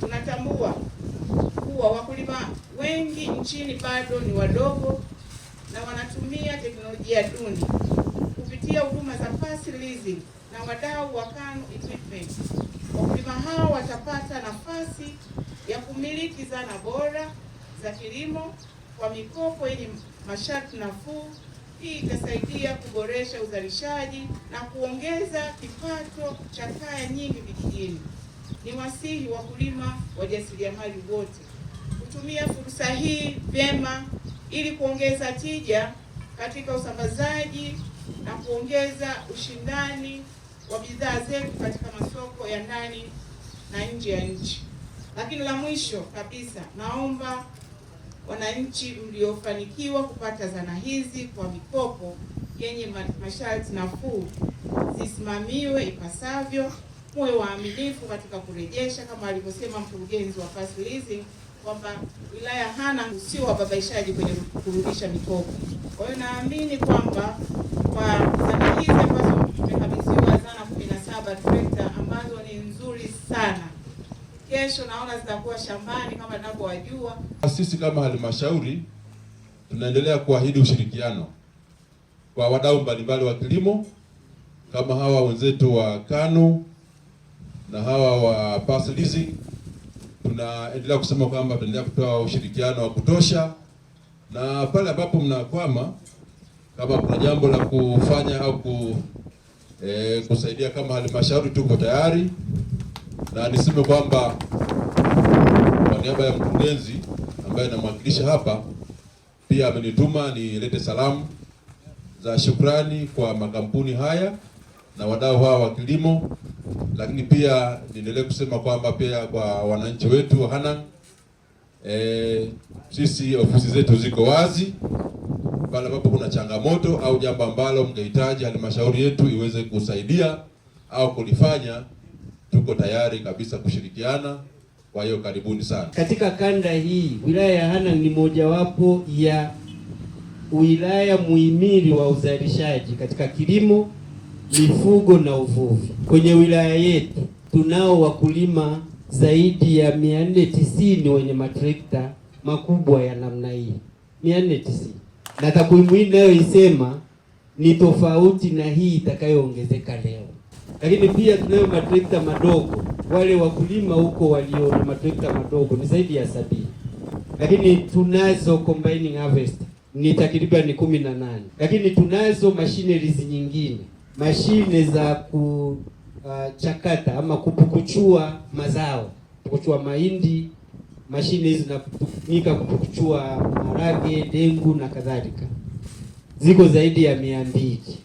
tunatambua kuwa wakulima wengi nchini bado ni wadogo na wanatumia teknolojia duni. Kupitia huduma za fast leasing na wadau wa KANU Equipment, wakulima hao watapata nafasi ya kumiliki zana bora za kilimo kwa mikopo yenye masharti nafuu. Hii itasaidia kuboresha uzalishaji na kuongeza kipato cha kaya nyingi vijijini ni wasihi wakulima wajasiriamali wote kutumia fursa hii vyema ili kuongeza tija katika usambazaji na kuongeza ushindani wa bidhaa zetu katika masoko ya ndani na nje ya nchi. Lakini la mwisho kabisa, naomba wananchi mliofanikiwa kupata zana hizi kwa mikopo yenye masharti nafuu zisimamiwe ipasavyo muwe waaminifu katika kurejesha, kama alivyosema mkurugenzi wa Fast Leasing kwamba wilaya hana sio wababaishaji kwenye kurudisha mikopo. Kwa hiyo naamini kwamba kwa zana hizi ambazo tumekabidhiwa, zana kumi na saba trekta ambazo ni nzuri sana, kesho naona zitakuwa shambani kama ninavyowajua. Sisi kama halmashauri tunaendelea kuahidi ushirikiano kwa wadau mbalimbali wa kilimo kama hawa wenzetu wa KANU na hawa wa Paslizi tunaendelea kusema kwamba tunaendelea kutoa ushirikiano wa kutosha, na pale ambapo mnakwama, kama kuna jambo la kufanya au ku, e, kusaidia kama halmashauri, tuko tayari, na niseme kwamba kwa niaba ya mkurugenzi ambaye namwakilisha hapa, pia amenituma nilete salamu za shukrani kwa makampuni haya na wadau hawa wa kilimo lakini pia niendelee kusema kwamba pia kwa wananchi wetu wa Hanang' e, sisi ofisi zetu ziko wazi pale ambapo kuna changamoto au jambo ambalo mngehitaji halmashauri yetu iweze kusaidia au kulifanya, tuko tayari kabisa kushirikiana. Kwa hiyo karibuni sana katika kanda hii. Wilaya ya Hanang' ni mojawapo ya wilaya muhimili wa uzalishaji katika kilimo mifugo na uvuvi. Kwenye wilaya yetu tunao wakulima zaidi ya 490 wenye matrekta makubwa ya namna hii 490, na takwimu hii inayoisema ni tofauti na hii itakayoongezeka leo. Lakini pia tunayo matrekta madogo, wale wakulima huko walio na matrekta madogo ni zaidi ya sabini, lakini tunazo combining harvest ni takriban kumi na nane, lakini tunazo machineries nyingine mashine za kuchakata uh, ama kupukuchua mazao, kupukuchua mahindi. Mashine hizi zinatumika kupukuchua maharage, dengu na kadhalika, ziko zaidi ya mia mbili.